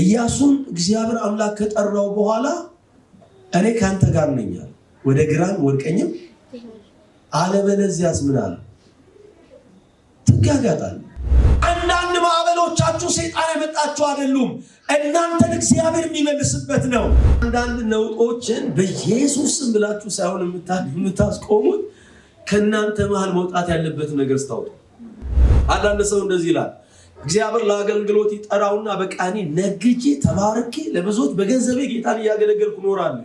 እያሱን እግዚአብሔር አምላክ ከጠራው በኋላ እኔ ከአንተ ጋር ነኛል፣ ወደ ግራም ወደ ቀኝም አለበለዚያስ ምን አለ? ትጋጋጣል። አንዳንድ ማዕበሎቻችሁ ሰይጣን የመጣችሁ አይደሉም፣ እናንተን እግዚአብሔር የሚመልስበት ነው። አንዳንድ ነውጦችን በኢየሱስም ብላችሁ ሳይሆን የምታስቆሙት ከእናንተ መሃል መውጣት ያለበት ነገር ስታውጡ። አንዳንድ ሰው እንደዚህ ይላል እግዚአብሔር ለአገልግሎት ይጠራውና በቃኔ ነግጄ ተባርኬ ለብዙዎች በገንዘቤ ጌታን እያገለገልኩ እኖራለሁ።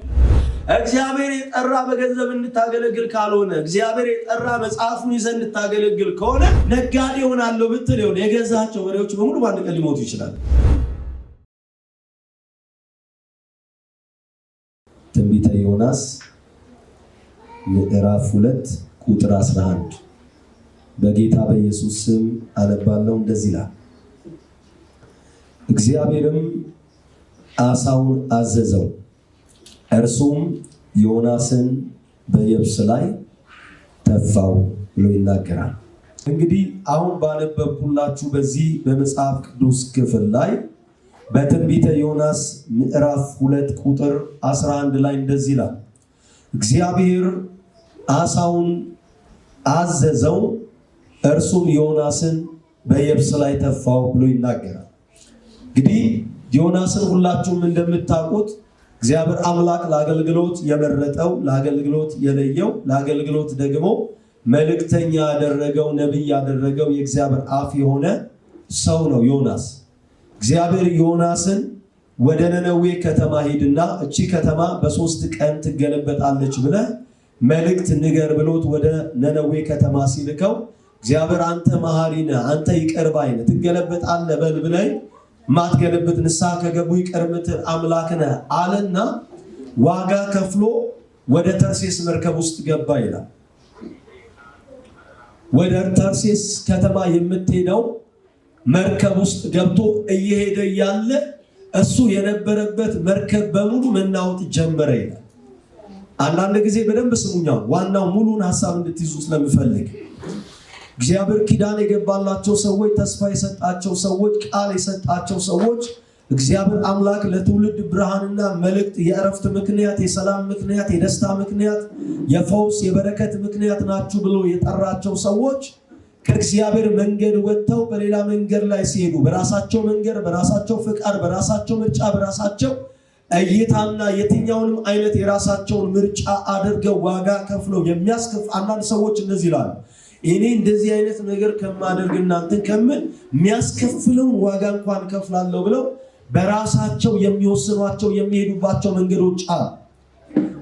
እግዚአብሔር የጠራ በገንዘብ እንታገለግል ካልሆነ እግዚአብሔር የጠራ መጽሐፉን ይዘ እንታገለግል ከሆነ ነጋዴ ሆናለሁ ብትል ሆነ የገዛቸው በሬዎች በሙሉ በአንድ ቀን ሊሞቱ ይችላል። ትንቢተ ዮናስ ምዕራፍ ሁለት ቁጥር 11 በጌታ በኢየሱስ ስም አነባለሁ። እንደዚህ ይላል እግዚአብሔርም አሳውን አዘዘው፣ እርሱም ዮናስን በየብስ ላይ ተፋው ብሎ ይናገራል። እንግዲህ አሁን ባነበብኩላችሁ በዚህ በመጽሐፍ ቅዱስ ክፍል ላይ በትንቢተ ዮናስ ምዕራፍ ሁለት ቁጥር 11 ላይ እንደዚህ ይላል፣ እግዚአብሔር አሳውን አዘዘው፣ እርሱም ዮናስን በየብስ ላይ ተፋው ብሎ ይናገራል። እንግዲህ ዮናስን ሁላችሁም እንደምታውቁት እግዚአብሔር አምላክ ለአገልግሎት የመረጠው ለአገልግሎት የለየው ለአገልግሎት ደግሞ መልእክተኛ ያደረገው ነቢይ ያደረገው የእግዚአብሔር አፍ የሆነ ሰው ነው ዮናስ። እግዚአብሔር ዮናስን ወደ ነነዌ ከተማ ሂድና እቺ ከተማ በሶስት ቀን ትገለበጣለች ብለህ መልእክት ንገር ብሎት ወደ ነነዌ ከተማ ሲልከው እግዚአብሔር አንተ መሐሪ ነህ፣ አንተ ይቅር ባይ ነህ፣ ትገለበጣለህ በል ብለህ ማትገለብት ንስሐ ከገቡ ይቅር የምትል አምላክ ነህ አለና ዋጋ ከፍሎ ወደ ተርሴስ መርከብ ውስጥ ገባ ይላል። ወደ ተርሴስ ከተማ የምትሄደው መርከብ ውስጥ ገብቶ እየሄደ ያለ እሱ የነበረበት መርከብ በሙሉ መናወጥ ጀመረ ይላል። አንዳንድ ጊዜ በደንብ ስሙኛው፣ ዋናው ሙሉን ሀሳብ እንድትይዙ ስለምፈልግ እግዚአብሔር ኪዳን የገባላቸው ሰዎች፣ ተስፋ የሰጣቸው ሰዎች፣ ቃል የሰጣቸው ሰዎች እግዚአብሔር አምላክ ለትውልድ ብርሃንና መልእክት የእረፍት ምክንያት፣ የሰላም ምክንያት፣ የደስታ ምክንያት፣ የፈውስ የበረከት ምክንያት ናችሁ ብሎ የጠራቸው ሰዎች ከእግዚአብሔር መንገድ ወጥተው በሌላ መንገድ ላይ ሲሄዱ በራሳቸው መንገድ፣ በራሳቸው ፍቃድ፣ በራሳቸው ምርጫ፣ በራሳቸው እይታና የትኛውንም አይነት የራሳቸውን ምርጫ አድርገው ዋጋ ከፍለው የሚያስከፍ አንዳንድ ሰዎች እነዚህ ይላሉ እኔ እንደዚህ አይነት ነገር ከማደርግ እናንተን ከምን የሚያስከፍለውን ዋጋ እንኳን ከፍላለሁ ብለው በራሳቸው የሚወስኗቸው የሚሄዱባቸው መንገዶች አሉ።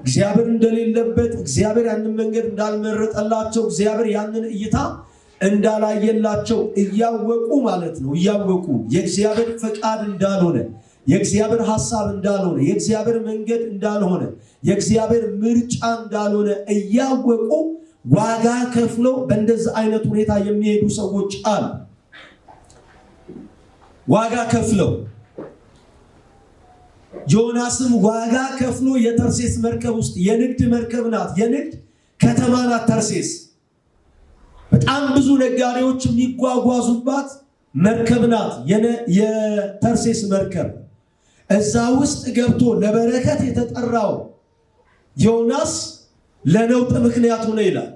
እግዚአብሔር እንደሌለበት፣ እግዚአብሔር ያንን መንገድ እንዳልመረጠላቸው፣ እግዚአብሔር ያንን እይታ እንዳላየላቸው እያወቁ ማለት ነው። እያወቁ የእግዚአብሔር ፈቃድ እንዳልሆነ፣ የእግዚአብሔር ሐሳብ እንዳልሆነ፣ የእግዚአብሔር መንገድ እንዳልሆነ፣ የእግዚአብሔር ምርጫ እንዳልሆነ እያወቁ ዋጋ ከፍለው በእንደዚህ አይነት ሁኔታ የሚሄዱ ሰዎች አሉ። ዋጋ ከፍለው ዮናስም ዋጋ ከፍሎ የተርሴስ መርከብ ውስጥ የንግድ መርከብ ናት፣ የንግድ ከተማ ናት ተርሴስ። በጣም ብዙ ነጋዴዎች የሚጓጓዙባት መርከብ ናት የተርሴስ መርከብ። እዛ ውስጥ ገብቶ ለበረከት የተጠራው ዮናስ ለነውጥ ምክንያት ሆነ ይላል።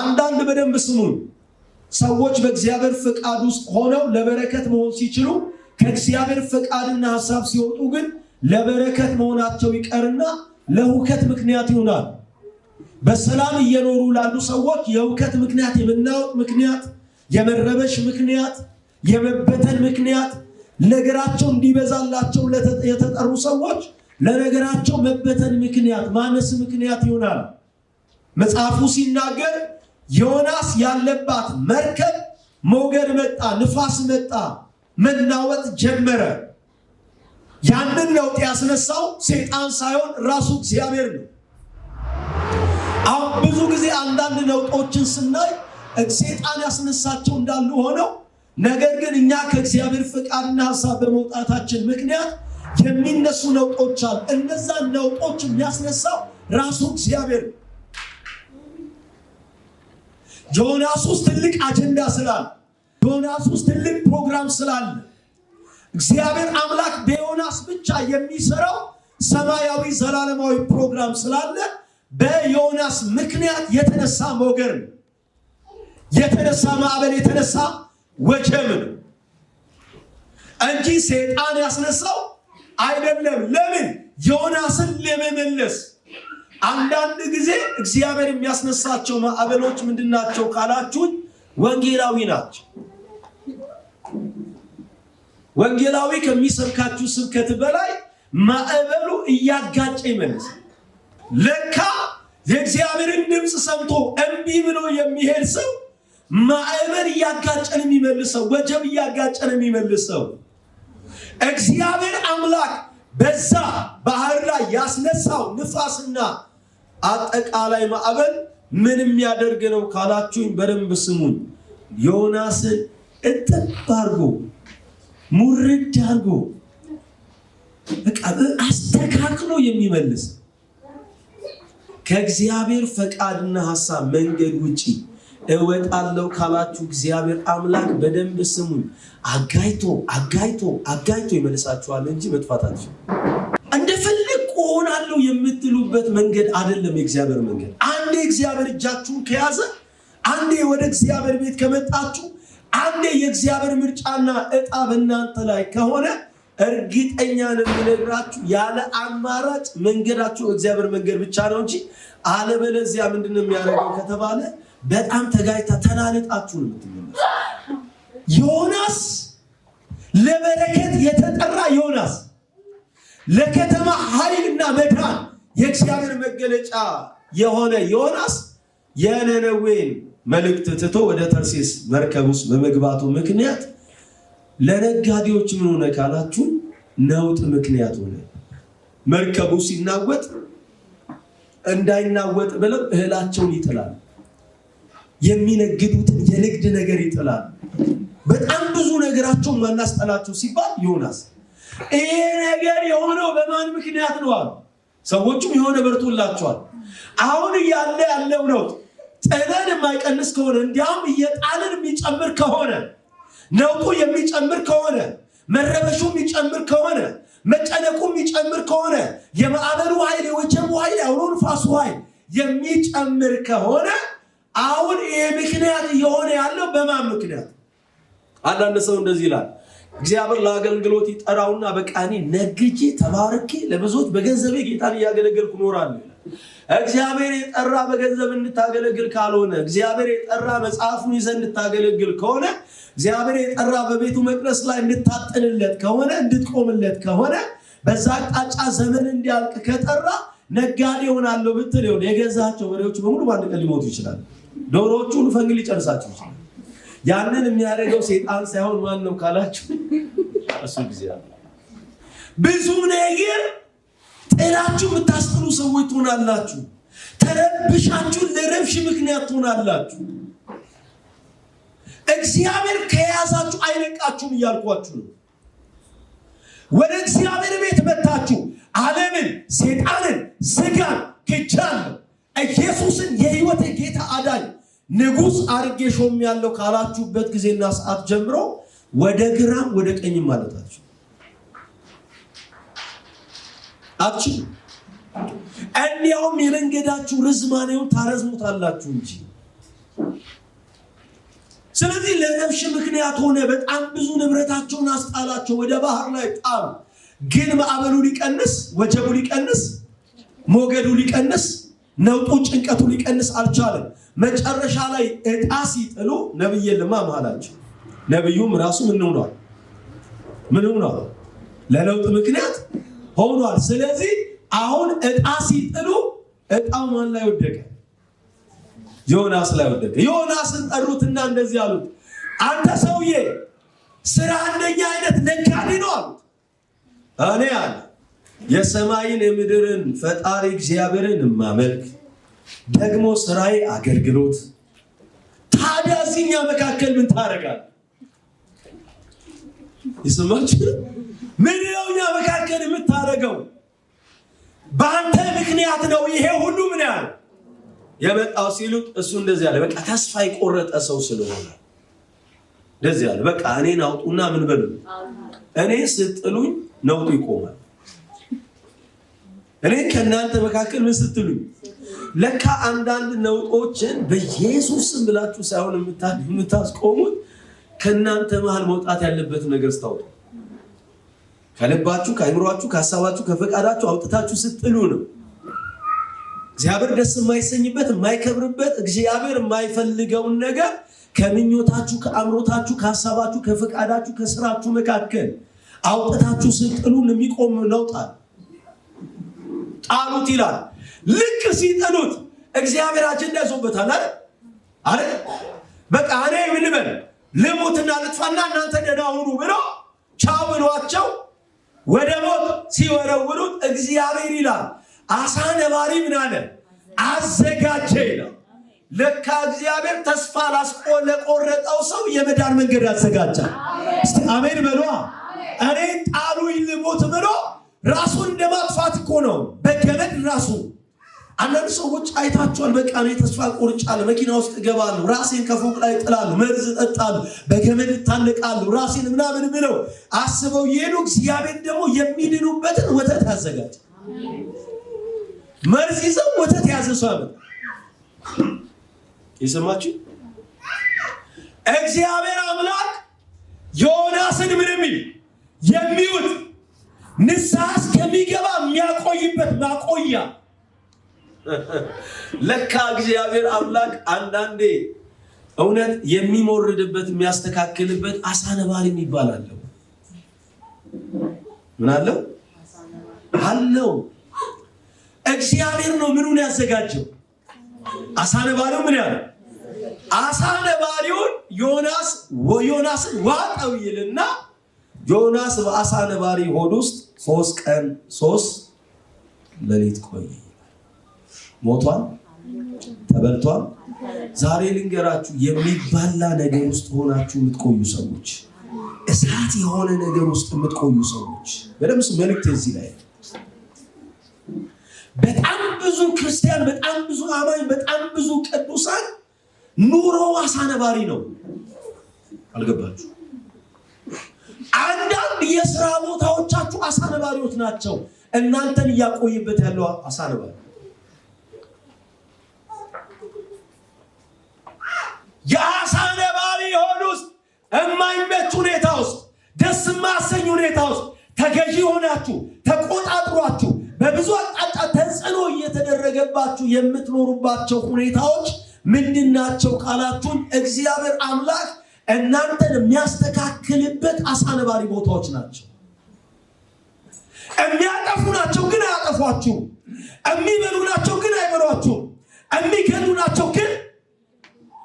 አንዳንድ በደንብ ስሙን ሰዎች በእግዚአብሔር ፈቃድ ውስጥ ሆነው ለበረከት መሆን ሲችሉ ከእግዚአብሔር ፈቃድና ሀሳብ ሲወጡ ግን ለበረከት መሆናቸው ይቀርና ለውከት ምክንያት ይሆናል። በሰላም እየኖሩ ላሉ ሰዎች የውከት ምክንያት፣ የመናወጥ ምክንያት፣ የመረበሽ ምክንያት፣ የመበተን ምክንያት ነገራቸው እንዲበዛላቸው የተጠሩ ሰዎች ለነገራቸው መበተን ምክንያት ማነስ ምክንያት ይሆናል። መጽሐፉ ሲናገር ዮናስ ያለባት መርከብ ሞገድ መጣ፣ ንፋስ መጣ፣ መናወጥ ጀመረ። ያንን ለውጥ ያስነሳው ሴጣን ሳይሆን ራሱ እግዚአብሔር ነው። አሁን ብዙ ጊዜ አንዳንድ ለውጦችን ስናይ ሴጣን ያስነሳቸው እንዳሉ ሆነው ነገር ግን እኛ ከእግዚአብሔር ፍቃድና ሀሳብ በመውጣታችን ምክንያት የሚነሱ ነውጦች አሉ። እነዛ ነውጦች የሚያስነሳው ራሱ እግዚአብሔር ጆናስ ውስጥ ትልቅ አጀንዳ ስላለ፣ ጆናስ ውስጥ ትልቅ ፕሮግራም ስላለ እግዚአብሔር አምላክ በዮናስ ብቻ የሚሰራው ሰማያዊ ዘላለማዊ ፕሮግራም ስላለ በዮናስ ምክንያት የተነሳ ሞገር ነው፣ የተነሳ ማዕበል፣ የተነሳ ወጀብ ነው እንጂ ሴጣን ያስነሳው አይደለም። ለምን ዮናስን ለመመለስ አንዳንድ ጊዜ እግዚአብሔር የሚያስነሳቸው ማዕበሎች ምንድናቸው ካላችሁን፣ ወንጌላዊ ናቸው። ወንጌላዊ ከሚሰብካችሁ ስብከት በላይ ማዕበሉ እያጋጨ ይመለስ። ለካ የእግዚአብሔርን ድምፅ ሰምቶ እምቢ ብሎ የሚሄድ ሰው ማዕበል እያጋጨን የሚመልሰው ወጀብ እያጋጨን የሚመልሰው እግዚአብሔር አምላክ በዛ ባህር ላይ ያስነሳው ንፋስና አጠቃላይ ማዕበል ምን የሚያደርግ ነው ካላችሁኝ፣ በደንብ ስሙን። ዮናስን እጥብ አርጎ ሙርድ አርጎ አስተካክሎ የሚመልስ ከእግዚአብሔር ፈቃድና ሀሳብ መንገድ ውጪ እወጣለሁ ካላችሁ እግዚአብሔር አምላክ በደንብ ስሙኝ፣ አጋይቶ አጋይቶ አጋይቶ ይመልሳችኋል እንጂ መጥፋታችሁ እንደፈለግ እሆናለሁ የምትሉበት መንገድ አይደለም የእግዚአብሔር መንገድ። አንዴ እግዚአብሔር እጃችሁን ከያዘ፣ አንዴ ወደ እግዚአብሔር ቤት ከመጣችሁ፣ አንዴ የእግዚአብሔር ምርጫና እጣ በእናንተ ላይ ከሆነ እርግጠኛ ነው የምነግራችሁ፣ ያለ አማራጭ መንገዳችሁ እግዚአብሔር መንገድ ብቻ ነው እንጂ አለበለዚያ ምንድን ነው የሚያደርገው ከተባለ በጣም ተጋጭታ ተናንጣችሁ ነው ዮናስ ለበረከት የተጠራ ዮናስ ለከተማ ኃይልና መዳን የእግዚአብሔር መገለጫ የሆነ ዮናስ የነነዌን መልእክት ትቶ ወደ ተርሴስ መርከብ ውስጥ በመግባቱ ምክንያት ለነጋዴዎች ምን ሆነ ካላችሁ ነውጥ ምክንያት ሆነ። መርከቡ ሲናወጥ እንዳይናወጥ ብለው እህላቸውን ይጥላል። የሚነግዱትን የንግድ ነገር ይጥላል። በጣም ብዙ ነገራቸው ማናስጠላቸው ሲባል ዮናስ ይሄ ነገር የሆነው በማን ምክንያት ነው አሉ። ሰዎቹም የሆነ በርቶላቸዋል። አሁን እያለ ያለው ነው። ጥለን የማይቀንስ ከሆነ እንዲያውም እየጣልን የሚጨምር ከሆነ ነውጡ የሚጨምር ከሆነ መረበሹ የሚጨምር ከሆነ መጨነቁ የሚጨምር ከሆነ የማዕበሉ ኃይል፣ የወጀቡ ኃይል፣ አውሎ ንፋሱ ኃይል የሚጨምር ከሆነ አሁን ይሄ ምክንያት እየሆነ ያለው በማን ምክንያት? አንዳንድ ሰው እንደዚህ ይላል፣ እግዚአብሔር ለአገልግሎት ይጠራውና በቃ እኔ ነግጄ ተባርኬ ለብዙዎች በገንዘቤ ጌታን እያገለገልኩ እኖራለሁ። እግዚአብሔር የጠራ በገንዘብ እንታገለግል ካልሆነ እግዚአብሔር የጠራ መጽሐፉን ይዘ እንታገለግል ከሆነ እግዚአብሔር የጠራ በቤቱ መቅደስ ላይ እንድታጥንለት ከሆነ እንድትቆምለት ከሆነ በዛ አቅጣጫ ዘመን እንዲያልቅ ከጠራ ነጋዴ ሆናለሁ ብትል የገዛቸው በሬዎች በሙሉ በአንድ ቀን ሊሞቱ ይችላል። ዶሮዎቹን ፈንግ ሊጨርሳችሁ ያንን የሚያደርገው ሴጣን ሳይሆን ማን ነው ካላችሁ እሱ ጊዜ ብዙ ነገር ጤናችሁ የምታስጥሉ ሰዎች ትሆናላችሁ። ተረብሻችሁ ለረብሽ ምክንያት ትሆናላችሁ። እግዚአብሔር ከያዛችሁ አይለቃችሁም እያልኳችሁ ነው። ወደ እግዚአብሔር ቤት መታችሁ ዓለምን፣ ሴጣንን፣ ስጋን ክጃለሁ ኢየሱስን የህይወቴ ጌታ አዳኝ ንጉስ አርጌ ሾም ያለው ካላችሁበት ጊዜና ሰዓት ጀምሮ ወደ ግራም ወደ ቀኝም ማለታችሁ አችሁ እንዲያውም የመንገዳችሁ ርዝማኔውን ታረዝሙታላችሁ እንጂ። ስለዚህ ለነፍሽ ምክንያት ሆነ። በጣም ብዙ ንብረታቸውን አስጣላቸው፣ ወደ ባህር ላይ ጣም። ግን ማዕበሉ ሊቀንስ፣ ወጀቡ ሊቀንስ፣ ሞገዱ ሊቀንስ ነውጡ ጭንቀቱ ሊቀንስ አልቻለም። መጨረሻ ላይ እጣ ሲጥሉ ነብይ የለማ መሃላቸው ነብዩም ራሱ ምን ሆኗል? ምን ሆኗል? ለለውጥ ምክንያት ሆኗል። ስለዚህ አሁን እጣ ሲጥሉ እጣው ማን ላይ ወደቀ? ዮናስ ላይ ወደቀ። ዮናስን ጠሩትና እንደዚህ አሉት፣ አንተ ሰውዬ ስራ እንደኛ አይነት ነጋዴ ነው አሉት። እኔ አለ የሰማይን የምድርን ፈጣሪ እግዚአብሔርን ማመልክ ደግሞ ስራዬ አገልግሎት። ታዲያ እዚህኛ መካከል ምን ታደርጋል? ይስማች ምን እኛ መካከል የምታደርገው? በአንተ ምክንያት ነው ይሄ ሁሉ ምን ያህል የመጣው ሲሉት፣ እሱ እንደዚህ ያለ በቃ ተስፋ የቆረጠ ሰው ስለሆነ እንደዚህ ያለ በቃ እኔን አውጡና ምን በሉ እኔ ስጥሉኝ ነውጡ ይቆማል። እኔ ከእናንተ መካከል ምን ስትሉኝ ለካ አንዳንድ ነውጦችን በኢየሱስ ስም ብላችሁ ሳይሆን የምታስቆሙት ከእናንተ መሃል መውጣት ያለበትን ነገር ስታውጡ ከልባችሁ፣ ከአይምሯችሁ፣ ከሀሳባችሁ፣ ከፈቃዳችሁ አውጥታችሁ ስጥሉ ነው። እግዚአብሔር ደስ የማይሰኝበት የማይከብርበት እግዚአብሔር የማይፈልገውን ነገር ከምኞታችሁ፣ ከአምሮታችሁ፣ ከሀሳባችሁ፣ ከፈቃዳችሁ፣ ከስራችሁ መካከል አውጥታችሁ ስጥሉን የሚቆም ነውጣል ጣሉት ይላል። ልክ ሲጥሉት እግዚአብሔር እንዳይዞበታል አለ አለ በቃ እኔ ምን ልበል ልሙትና ልጥፋና እናንተ ደህና ሁኑ ብሎ ቻው ብሏቸው ወደ ሞት ሲወረውሩት እግዚአብሔር ይላል አሳ ነባሪ ምን አለ አዘጋጀ ይላል። ለካ እግዚአብሔር ተስፋ ላስቆ ለቆረጠው ሰው የመዳን መንገድ ያዘጋጃል። እስቲ አሜን በሏ። እኔ ጣሉኝ ልሙት ብሎ ራሱን እንደማጥፋት እኮ ነው። ራሱ አንዳንድ ሰዎች አይታችኋል። በቃ እኔ ተስፋ ቆርጫለሁ፣ መኪና ውስጥ እገባለሁ፣ ራሴን ከፎቅ ላይ ጥላሉ መርዝ እጠጣለሁ፣ በገመድ እታነቃለሁ፣ ራሴን ምናምን ብለው አስበው ይሄዱ። እግዚአብሔር ደግሞ የሚድኑበትን ወተት ያዘጋጅ። መርዝ ይዘው ወተት ያዘ ሰው የሰማችሁ እግዚአብሔር አምላክ ዮናስን ምንም የሚውት ንስሐ እስከሚገባ የሚያቆይበት ማቆያ። ለካ እግዚአብሔር አምላክ አንዳንዴ እውነት የሚሞርድበት የሚያስተካክልበት አሳ ነባሪ የሚባል አለው። ምን አለው አለው። እግዚአብሔር ነው ምኑን ያዘጋጀው። አሳ ነባሪው ምን ያለው? አሳ ነባሪውን ዮናስ ዮናስን ዋጠው ይልና ዮናስ በአሳ ነባሪ ሆድ ውስጥ ሶስት ቀን ሶስት ለሊት ቆየ። ሞቷል፣ ተበልቷል። ዛሬ ልንገራችሁ የሚባላ ነገር ውስጥ ሆናችሁ የምትቆዩ ሰዎች፣ እሳት የሆነ ነገር ውስጥ የምትቆዩ ሰዎች በደምስ መልእክት እዚህ ላይ በጣም ብዙ ክርስቲያን፣ በጣም ብዙ አማኝ፣ በጣም ብዙ ቅዱሳን ኑሮ አሳነባሪ ነባሪ ነው። አልገባችሁ? የስራ ቦታዎቻችሁ አሳነባሪዎች ናቸው። እናንተን እያቆይበት ያለው አሳነባሪ የአሳነባሪ የሆኑ ውስጥ የማይመች ሁኔታ ውስጥ ደስ የማያሰኝ ሁኔታ ውስጥ ተገዢ ሆናችሁ ተቆጣጥሯችሁ በብዙ አቅጣጫ ተጽዕኖ እየተደረገባችሁ የምትኖሩባቸው ሁኔታዎች ምንድን ናቸው እግዚአብሔር አምላክ እናንተን የሚያስተካክልበት አሳ ቦታዎች ናቸው። የሚያጠፉ ናቸው ግን አያጠፏችሁ የሚበሉ ናቸው ግን አይበሏችሁ። የሚገሉ ናቸው ግን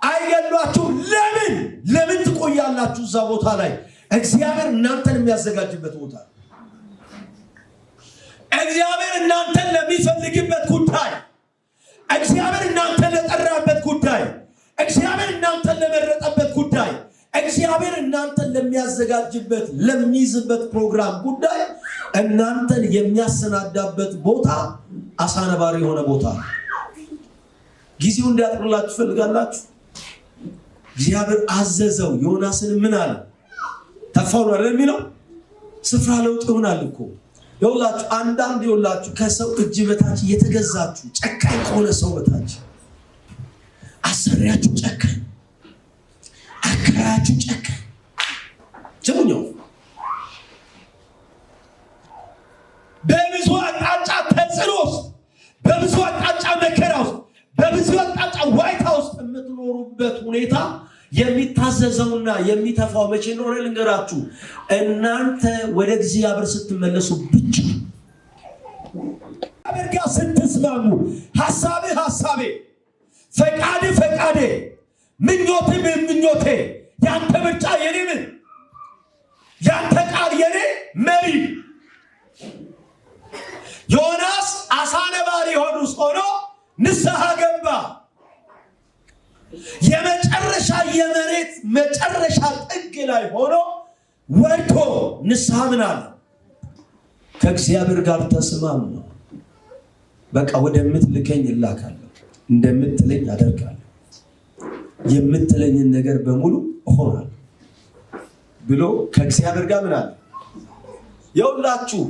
አይገሏችሁ። ለምን ለምን ትቆያላችሁ እዛ ቦታ ላይ? እግዚአብሔር እናንተን የሚያዘጋጅበት ቦታ እግዚአብሔር እናንተን ለሚፈልግበት ጉዳይ እግዚአብሔር እናንተን ለጠራበት ጉዳይ እግዚአብሔር እናንተን ለመረጠበት ጉዳይ እግዚአብሔር እናንተን ለሚያዘጋጅበት ለሚይዝበት ፕሮግራም ጉዳይ እናንተን የሚያሰናዳበት ቦታ አሳነባሪ የሆነ ቦታ ጊዜው እንዲያጥሩላችሁ ትፈልጋላችሁ። እግዚአብሔር አዘዘው። ዮናስን ምን አለ? ተፋውን አለ የሚለው ስፍራ ለውጥ ይሆናል እኮ የውላችሁ አንዳንድ የውላችሁ ከሰው እጅ በታች እየተገዛችሁ ጨካኝ ከሆነ ሰው በታች አሰሪያችሁ ጨካ መከራችሁ ጨካ ስሙኛው በብዙ አቅጣጫ ተጽዕኖ ውስጥ በብዙ አቅጣጫ መከራ ውስጥ በብዙ አቅጣጫ ዋይታ ውስጥ የምትኖሩበት ሁኔታ የሚታዘዘውና የሚተፋው መቼ እንደሆነ ልንገራችሁ። እናንተ ወደ እግዚአብሔር ስትመለሱ ብቻ አበርጋ ስትስማሙ፣ ሀሳቤ ሀሳቤ፣ ፈቃድ ፈቃዴ፣ ምኞቴ ምኞቴ ያንተ ምርጫ የኔ ምን ያንተ ቃል የኔ መሪ። ዮናስ አሳ ነባሪ የሆኑ ውስጥ ሆኖ ንስሐ ገባ። የመጨረሻ የመሬት መጨረሻ ጥግ ላይ ሆኖ ወድቆ ንስሐ ምን አለ? ከእግዚአብሔር ጋር ተስማም ነው። በቃ ወደምትልከኝ እላካለሁ፣ እንደምትለኝ አደርጋለሁ፣ የምትለኝን ነገር በሙሉ እሆናለሁ ብሎ ከእግዚአብሔር ጋር ምን አለ የሁላችሁ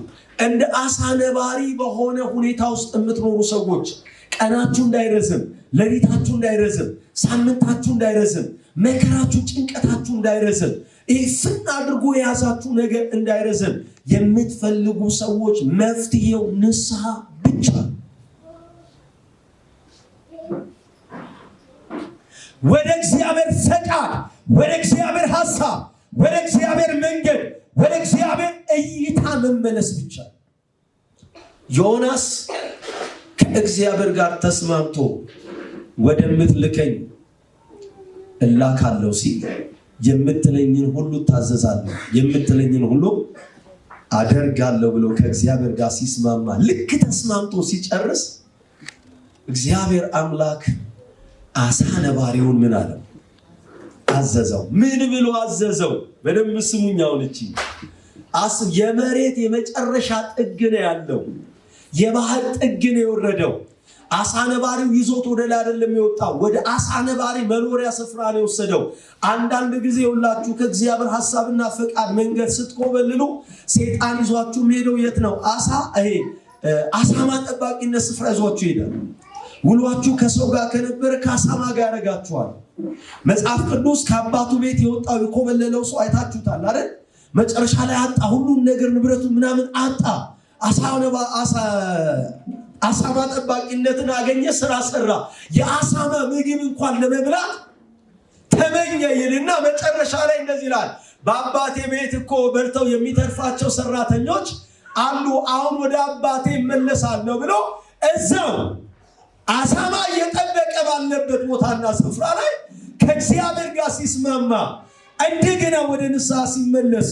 እንደ አሳ ነባሪ በሆነ ሁኔታ ውስጥ የምትኖሩ ሰዎች ቀናችሁ እንዳይረዝም፣ ሌሊታችሁ እንዳይረዝም፣ ሳምንታችሁ እንዳይረዝም፣ መከራችሁ፣ ጭንቀታችሁ እንዳይረዝም፣ ይህ ይህን አድርጎ የያዛችሁ ነገር እንዳይረዝም የምትፈልጉ ሰዎች መፍትሄው ንስሐ ብቻ። ወደ እግዚአብሔር ፈቃድ ወደ እግዚአብሔር ሀሳብ ወደ እግዚአብሔር መንገድ፣ ወደ እግዚአብሔር እይታ መመለስ ብቻ። ዮናስ ከእግዚአብሔር ጋር ተስማምቶ ወደምትልከኝ እላካለሁ ሲል የምትለኝን ሁሉ ታዘዛለሁ፣ የምትለኝን ሁሉ አደርጋለሁ ብሎ ከእግዚአብሔር ጋር ሲስማማ ልክ ተስማምቶ ሲጨርስ እግዚአብሔር አምላክ አሳ ነባሪውን ምን አለው? አዘዘው። ምን ብሎ አዘዘው? በደንብ ስሙኛውን እቺ አስ የመሬት የመጨረሻ ጥግ ነው ያለው። የባህር ጥግ ነው የወረደው። አሳ ነባሪው ይዞት ወደ ላይ አይደለም የወጣው፣ ወደ አሳ ነባሪ መኖሪያ ስፍራ ነው የወሰደው። አንዳንድ ጊዜ ሁላችሁ ከእግዚአብሔር ሐሳብና ፈቃድ መንገድ ስትኮበልሉ ሴጣን ይዟችሁ የሚሄደው የት ነው? አሳ ይሄ አሳማ ጠባቂነት ስፍራ ይዟችሁ ይሄዳል። ውሏችሁ ከሰው ጋር ከነበረ ከአሳማ ጋር ያደርጋችኋል። መጽሐፍ ቅዱስ ከአባቱ ቤት የወጣው የኮበለለው ሰው አይታችሁታል አይደል? መጨረሻ ላይ አጣ፣ ሁሉን ነገር ንብረቱ ምናምን አጣ። አሳማ ጠባቂነትን አገኘ፣ ስራ ሰራ። የአሳማ ምግብ እንኳን ለመብላት ተመኘ ይልና መጨረሻ ላይ እንደዚህ ይላል፣ በአባቴ ቤት እኮ በልተው የሚተርፋቸው ሰራተኞች አሉ፣ አሁን ወደ አባቴ እመለሳለሁ ብሎ እዛው አሳማ እየጠበቀ ባለበት ቦታና ስፍራ ላይ ከእግዚአብሔር ጋር ሲስማማ እንደገና ወደ ንስሐ ሲመለስ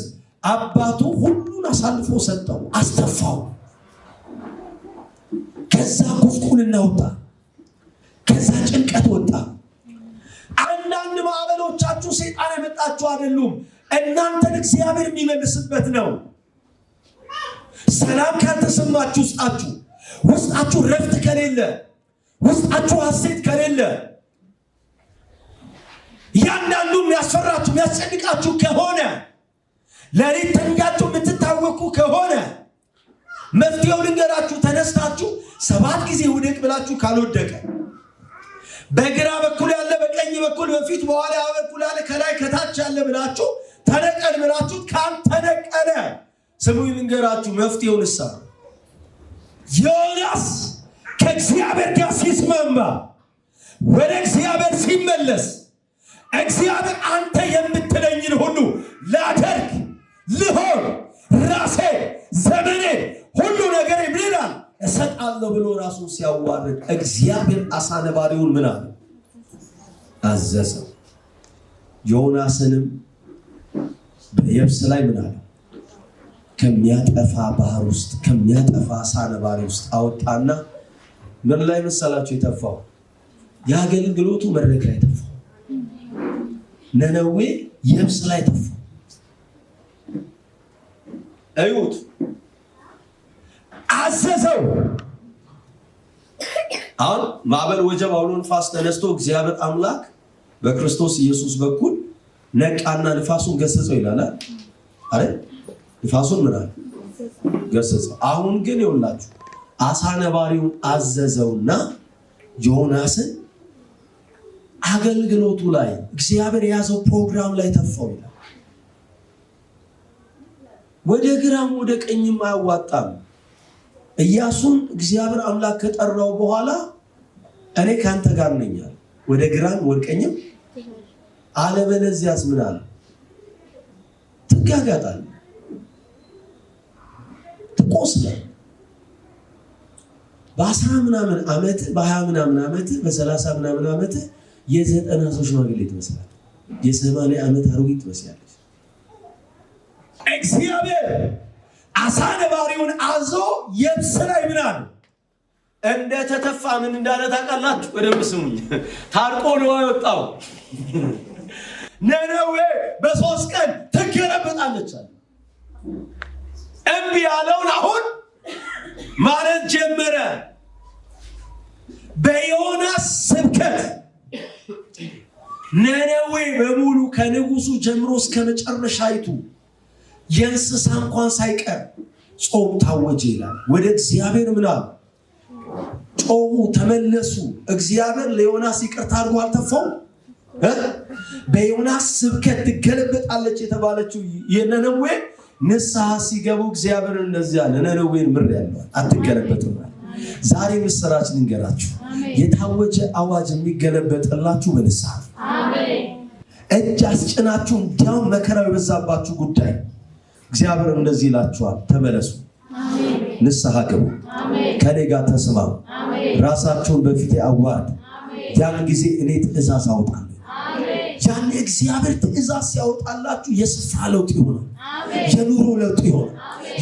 አባቱ ሁሉን አሳልፎ ሰጠው፣ አስተፋው። ከዛ ጉስቁልና ወጣ፣ ከዛ ጭንቀት ወጣ። አንዳንድ ማዕበሎቻችሁ ሴጣን የመጣችሁ አይደሉም፣ እናንተን እግዚአብሔር የሚመልስበት ነው። ሰላም ካልተሰማችሁ ውስጣችሁ ውስጣችሁ ረፍት ከሌለ ውስጣችሁ ሐሴት ከሌለ እያንዳንዱ የሚያስፈራችሁ የሚያስጨንቃችሁ ከሆነ ለሌት ተንጋችሁ የምትታወቁ ከሆነ መፍትሄው ልንገራችሁ። ተነስታችሁ ሰባት ጊዜ ውደቅ ብላችሁ ካልወደቀ በግራ በኩል ያለ፣ በቀኝ በኩል፣ በፊት በኋላ በኩል ያለ፣ ከላይ ከታች ያለ ብላችሁ ተነቀል ብላችሁ ካልተነቀለ ስሙ ልንገራችሁ መፍትሄው ንስሐ ዮናስ ከእግዚአብሔር ጋር ሲስማማ ወደ እግዚአብሔር ሲመለስ እግዚአብሔር አንተ የምትለኝን ሁሉ ላደርግ ልሆን ራሴ ዘመኔ ሁሉ ነገር ይብልላል እሰጣለሁ ብሎ ራሱን ሲያዋርድ እግዚአብሔር አሳ ነባሪውን ምን አለ? አዘዘ። ዮናስንም በየብስ ላይ ምን አለ? ከሚያጠፋ ባህር ውስጥ ከሚያጠፋ አሳ ነባሪ ውስጥ አወጣና ምን ላይ መሰላችሁ የተፋው? የአገልግሎቱ መድረክ ላይ ተፋው። ነነዌ የብስ ላይ ተፋው። እዩት፣ አዘዘው። አሁን ማዕበል፣ ወጀብ፣ አውሎ ንፋስ ተነስቶ እግዚአብሔር አምላክ በክርስቶስ ኢየሱስ በኩል ነቃና ንፋሱን ገሰጸው ይላል አይደል? ንፋሱን ምናል ገሰጸው። አሁን ግን ይውላችሁ አሳ ነባሪውን አዘዘውና ዮናስን አገልግሎቱ ላይ እግዚአብሔር የያዘው ፕሮግራም ላይ ተፋው ይላል። ወደ ግራም ወደ ቀኝም አያዋጣም። እያሱን እግዚአብሔር አምላክ ከጠራው በኋላ እኔ ከአንተ ጋር ነኛል፣ ወደ ግራም ወደ ቀኝም አለበለዚያስ ምን አለ? ትጋጋጣል፣ ትቆስላል በአስራ ምናምን ዓመት በሀያ ምናምን ዓመት በሰላሳ ምናምን ዓመት የዘጠና ሰው ሽማግሌ ትመስላለች። የሰማንያ ዓመት አሮጊት ትመስላለች። እግዚአብሔር አሳ ነባሪውን አዞ የብስ ላይ ምናል እንደ ተተፋ ምን እንዳለ ታውቃላችሁ? በደንብ ስሙኝ። ታርቆ ነው የወጣው። ነነዌ በሶስት ቀን ትገለበጣለች አለ እምቢ ያለውን አሁን ማለት ጀመረ። በዮናስ ስብከት ነነዌ በሙሉ ከንጉሱ ጀምሮ እስከ መጨረሻይቱ የእንስሳ እንኳን ሳይቀር ጾም ታወጀ ይላል። ወደ እግዚአብሔር ምና ጾሙ ተመለሱ። እግዚአብሔር ለዮናስ ይቅርታ አድርጎ አልተፋው። በዮናስ ስብከት ትገለበጣለች የተባለችው የነነዌ ንስሐ ሲገቡ እግዚአብሔር እነዚያ ለነነዌን ምር ያለዋል አትገለበጥም። ዛሬ ምስራች ልንገራችሁ፣ የታወጀ አዋጅ የሚገለበጠላችሁ በንስሐ እጅ አስጭናችሁ፣ እንዲያውም መከራው የበዛባችሁ ጉዳይ እግዚአብሔር እንደዚህ ይላችኋል፣ ተመለሱ፣ ንስሐ ግቡ፣ ከኔ ጋር ተስማሙ፣ ራሳችሁን በፊቴ አዋርድ፣ ያን ጊዜ እኔ ትእዛዝ አውጣለሁ። ያን እግዚአብሔር ትእዛዝ ሲያወጣላችሁ የስፍራ ለውጥ ይሆናል። የኑሮ ለውጥ ይሆናል።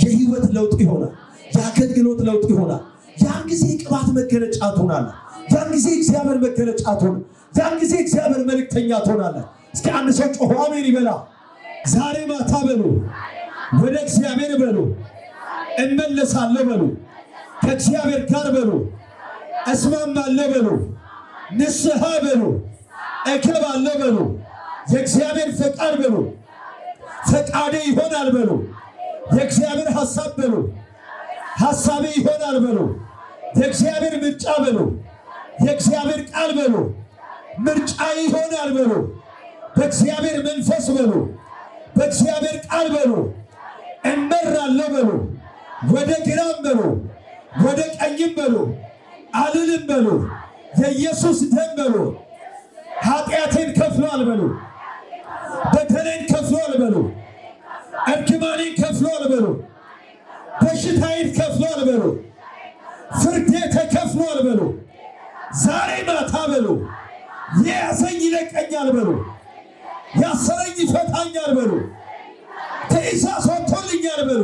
የህይወት ለውጥ ይሆናል። የአገልግሎት ለውጥ ይሆናል። ያን ጊዜ ቅባት መገለጫ ትሆናለ ያን ጊዜ እግዚአብሔር መገለጫ ትሆን። ያን ጊዜ እግዚአብሔር መልእክተኛ ትሆናለ እስኪ አንድ ሰው ጮሆ አሜን ይበላ። ዛሬ ማታ በሉ፣ ወደ እግዚአብሔር በሉ፣ እመለሳለ በሉ፣ ከእግዚአብሔር ጋር በሉ፣ እስማማለ በሉ፣ ንስሐ በሉ እከባለሁ በሉ። የእግዚአብሔር ፈቃድ በሉ። ፈቃዴ ይሆናል በሉ። የእግዚአብሔር ሐሳብ በሉ። ሐሳቤ ይሆናል በሉ። የእግዚአብሔር ምርጫ በሉ። የእግዚአብሔር ቃል በሉ። ምርጫ ይሆናል በሉ። በእግዚአብሔር መንፈስ በሉ። በእግዚአብሔር ቃል በሉ። እመራለሁ በሉ። ወደ ግራም በሉ፣ ወደ ቀኝም በሉ፣ አልልም በሉ። የኢየሱስ ደም በሉ ኃጢአቴን ከፍሎ አልበሉ፣ በደሌን ከፍሎ አልበሉ፣ እርግማኔን ከፍሎ አልበሉ፣ በሽታዬን ከፍሎ አልበሉ፣ ፍርዴ ተከፍሎ አልበሉ። ዛሬ ማታ በሉ የያዘኝ ይለቀኛል በሉ። ያሰረኝ ይፈታኛል በሉ። ትእዛዝ ወጥቶልኛል በሉ።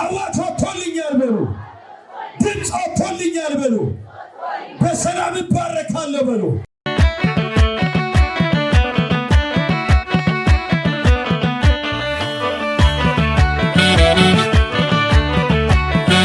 አዋጅ ወጥቶልኛል በሉ። ድምፅ ወጥቶልኛል በሉ። በሰላም እባረካለሁ በሉ።